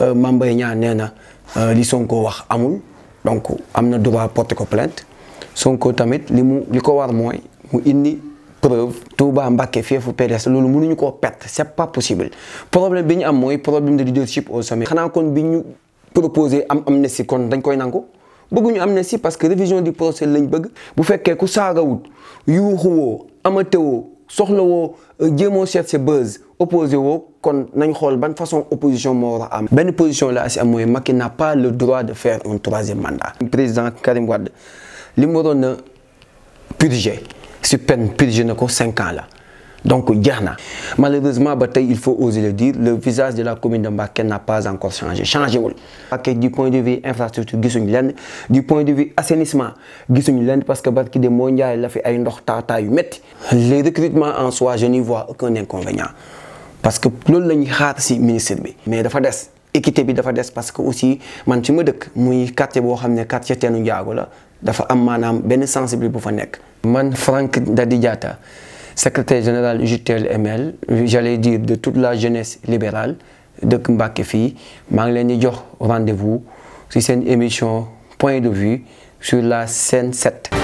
Euh, Mame Mbaye Niang nee na euh, li Sonko wax amul donc am na droit porter ko plainte Sonko tamit li mu li ko war mooy mu indi preuve Touba Mbacké feefu PDS loolu mënuñu koo perte c'est pas possible problème bi ñu am mooy problème de leadership au sommet xanaa kon bi ñu proposé am amnistie kon dañ koy nangu bëgguñu amnistie parce que révision du procès lañ bëgg bu fekkee ku saagawut yuuxuwoo amatewoo soxla woo jéemoo seet sa buzz opposé woo kon nañ xool ban façon opposition moo am benn position la si am mooy Macky n'a pas le droit de faire un troisième manda président Karim Wade li mu waroon na purgé si peine purgé na ko cinq la Donc, Diana. Malheureusement, il faut oser le dire, le visage de la commune de Mbaké n'a pas encore changé. Changé. Du point de vue infrastructure, du point de vue assainissement, parce que le de Mondial a fait un tata Les recrutements en soi, je n'y vois aucun inconvénient. Parce que plus le ministère, mais il faut équité bi dafa dess parce que aussi man ci ma deuk muy quartier bo xamné quartier la dafa am manam ben sensibilité bu fa nek man Franck Dadi secrétaire général JTLML, j'allais dire de toute la jeunesse libérale de Kumbakefi, je vous rendez-vous sur une émission point de vue sur la scène 7